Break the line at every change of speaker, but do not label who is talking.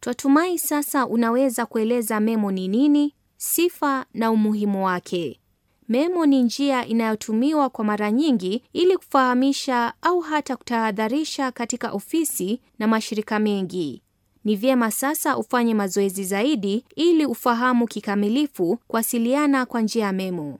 Twatumai sasa unaweza kueleza memo ni nini, sifa na umuhimu wake. Memo ni njia inayotumiwa kwa mara nyingi ili kufahamisha au hata kutahadharisha katika ofisi na mashirika mengi. Ni vyema sasa ufanye mazoezi zaidi ili ufahamu kikamilifu kuwasiliana kwa
njia ya memo.